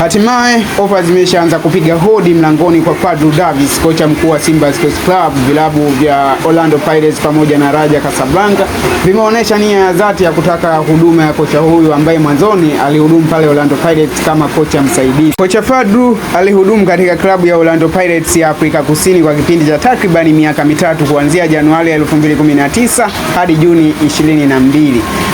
Hatimaye ofa zimeshaanza kupiga hodi mlangoni kwa Fadlu Davis, kocha mkuu wa Simba Sports Club. Vilabu vya Orlando Pirates pamoja na Raja Casablanca vimeonyesha nia ya dhati ya kutaka huduma ya kocha huyu ambaye mwanzoni alihudumu pale Orlando Pirates kama kocha msaidizi. Kocha Fadlu alihudumu katika klabu ya Orlando Pirates ya Afrika Kusini kwa kipindi cha takribani miaka mitatu kuanzia Januari 2019 hadi Juni 22.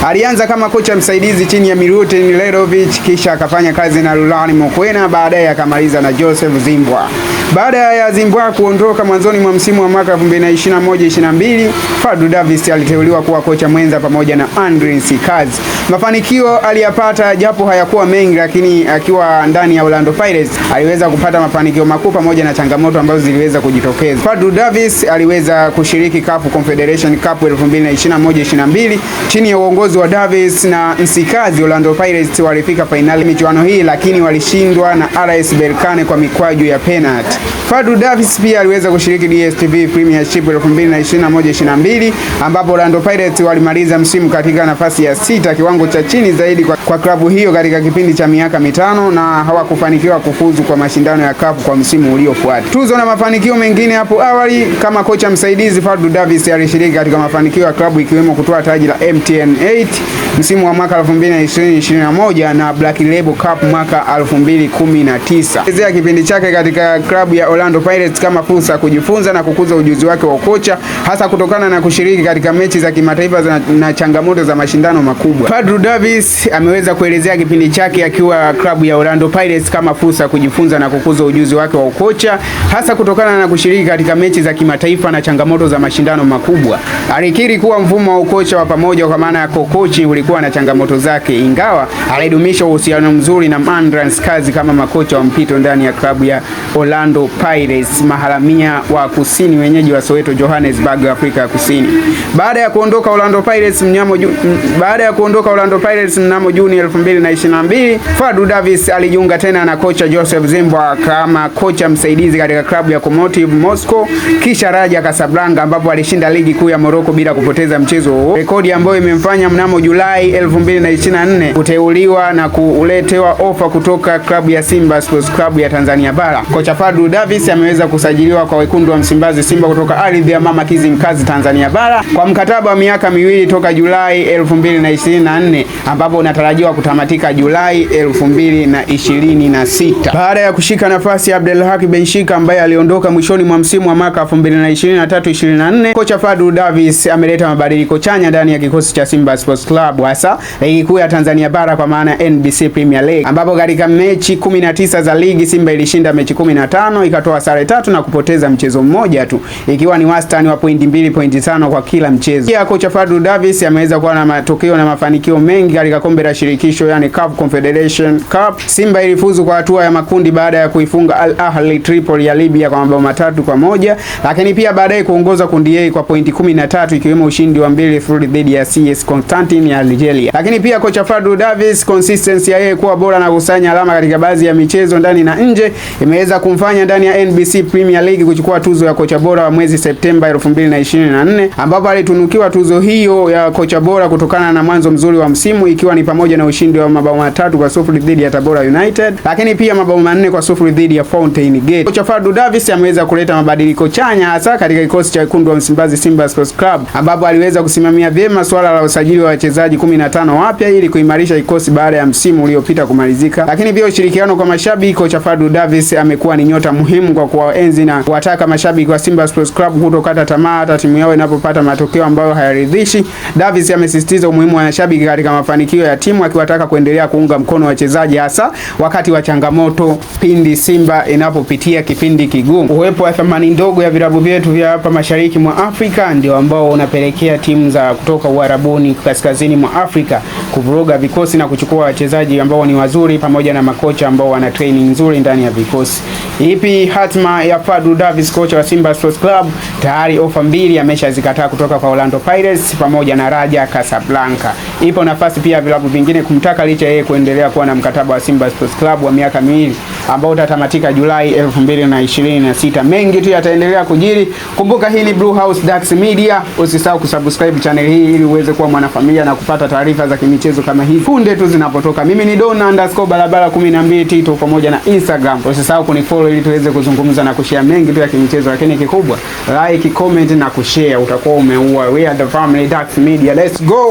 Alianza kama kocha msaidizi chini ya Milutin Lerovic kisha akafanya kazi na Lulani Mokwena, baadaye akamaliza na Joseph Zimbwa. Baada ya zimbwa kuondoka mwanzoni mwa msimu wa mwaka 2021-2022, Fadlu Davis aliteuliwa kuwa kocha mwenza pamoja na Andre Sikazi. Mafanikio aliyapata japo hayakuwa mengi, lakini akiwa ndani ya Orlando Pirates aliweza kupata mafanikio makubwa pamoja na changamoto ambazo ziliweza kujitokeza. Fadlu Davis aliweza kushiriki CAF Confederation Cup 2021-2022 chini ya uongozi wa Davis na nsikazi Orlando Pirates walifika fainali michuano hii, lakini walishindwa na RS Berkane kwa mikwaju ya penalty. Fadu Davis pia aliweza kushiriki DStv Premiership 2021-2022 ambapo Orlando Pirates walimaliza msimu katika nafasi ya sita, kiwango cha chini zaidi kwa, kwa klabu hiyo katika kipindi cha miaka mitano na hawakufanikiwa kufuzu kwa mashindano ya kapu kwa msimu uliofuata. Tuzo na mafanikio mengine hapo awali, kama kocha msaidizi Fadu Davis alishiriki katika mafanikio ya klabu ikiwemo kutoa taji la MTN 8 msimu wa mwaka 2020-2021 na Black Label Cup mwaka 2019. Ezea kipindi chake katika klabu klabu ya Orlando Pirates kama fursa ya kujifunza na kukuza ujuzi wake wa ukocha, hasa kutokana na kushiriki katika mechi za kimataifa na, na changamoto za mashindano makubwa. Fadlu Davis ameweza kuelezea kipindi chake akiwa klabu ya Orlando Pirates kama fursa ya kujifunza na kukuza ujuzi wake wa ukocha, hasa kutokana na kushiriki katika mechi za kimataifa na changamoto za mashindano makubwa. Alikiri kuwa mfumo wa ukocha wa pamoja kwa maana ya kokochi ulikuwa na changamoto zake, ingawa alidumisha uhusiano mzuri na Mandrans kazi kama makocha wa mpito ndani ya klabu ya Orlando Orlando Pirates, maharamia wa kusini, wenyeji wa Soweto Johannesburg, Afrika ya Kusini. Baada ya kuondoka Orlando Pirates mnamo baada ya kuondoka Orlando Pirates mnamo Juni 2022, Fadu Davis alijiunga tena na kocha Joseph Zimbwa kama kocha msaidizi katika klabu ya Komotiv Moscow kisha Raja Casablanca ambapo alishinda ligi kuu ya Morocco bila kupoteza mchezo huo, rekodi ambayo imemfanya mnamo Julai 2024 kuteuliwa na kuletewa ofa kutoka klabu ya Simba Sports Club ya Tanzania Bara. Kocha Fadu Andrew Davis ameweza kusajiliwa kwa wekundu wa Msimbazi Simba kutoka ardhi ya mama Kizimkazi, Tanzania Bara kwa mkataba wa miaka miwili toka Julai 2024 ambapo unatarajiwa kutamatika Julai 2026. Baada ya kushika nafasi ya Abdelhaki Benshika ambaye aliondoka mwishoni mwa msimu wa mwaka 2023-2024, kocha Fadlu Davis ameleta mabadiliko chanya ndani ya kikosi cha Simba Sports Club hasa ligi kuu ya Tanzania Bara kwa maana NBC Premier League ambapo katika mechi 19 za ligi Simba ilishinda mechi 15 tano ikatoa sare tatu na kupoteza mchezo mmoja tu ikiwa ni wastani wa pointi mbili pointi tano kwa kila mchezo. Pia kocha Fadlu Davis ameweza kuwa na matokeo na mafanikio mengi katika kombe la shirikisho yani Cup Confederation Cup. Simba ilifuzu kwa hatua ya makundi baada ya kuifunga Al Ahli Tripoli ya Libya kwa mabao matatu kwa moja, lakini pia baadaye kuongoza kundi A kwa pointi kumi na tatu ikiwemo ushindi wa mbili sifuri dhidi ya CS Constantine ya Algeria. Lakini pia kocha Fadlu Davis consistency ya yeye kuwa bora na kusanya alama katika baadhi ya michezo ndani na nje imeweza kumfanya Kenya ndani ya NBC Premier League kuchukua tuzo ya kocha bora wa mwezi Septemba 2024 ambapo alitunukiwa tuzo hiyo ya kocha bora kutokana na mwanzo mzuri wa msimu ikiwa ni pamoja na ushindi wa mabao matatu kwa sufuri dhidi ya Tabora United, lakini pia mabao manne kwa sufuri dhidi ya Fountain Gate. Kocha Fadlu Davis ameweza kuleta mabadiliko chanya hasa katika kikosi cha wekundu wa Msimbazi Simba Sports Club, ambapo aliweza kusimamia vyema suala la usajili wa wachezaji 15 wapya ili kuimarisha kikosi baada ya msimu uliopita kumalizika, lakini pia ushirikiano kwa mashabiki. Kocha Fadlu Davis amekuwa ni nyota muhimu kwa kuwaenzi na kuwataka mashabiki wa Simba Sports Club kutokata tamaa hata timu yao inapopata matokeo ambayo hayaridhishi. Davis amesisitiza umuhimu wa mashabiki katika mafanikio ya timu, akiwataka kuendelea kuunga mkono wachezaji, hasa wakati wa changamoto, pindi Simba inapopitia kipindi kigumu. Uwepo wa thamani ndogo ya vilabu vyetu vya hapa mashariki mwa Afrika ndio ambao unapelekea timu za kutoka Uarabuni, kaskazini mwa Afrika kuvuruga vikosi na kuchukua wachezaji ambao ni wazuri pamoja na makocha ambao wana training nzuri ndani ya vikosi. Vipi hatma ya Fadlu Davis kocha wa Simba Sports Club? Tayari ofa mbili ameshazikataa kutoka kwa Orlando Pirates pamoja na Raja Casablanca. Ipo nafasi pia vilabu vingine kumtaka licha yeye kuendelea kuwa na mkataba wa Simba Sports Club wa miaka miwili ambao utatamatika Julai 2026. Mengi tu yataendelea kujiri. Kumbuka hii ni Blue House Dax Media, usisahau kusubscribe channel hii ili uweze kuwa mwanafamilia na kupata taarifa za kimichezo kama hii punde tu zinapotoka. Mimi ni Don underscore barabara 12 Tito pamoja na Instagram. Usisahau kunifollow ili tuweze kuzungumza na kushare mengi tu ya kimichezo, lakini kikubwa like, comment na kushare. Utakuwa umeua. We are the family Dax Media. Let's go.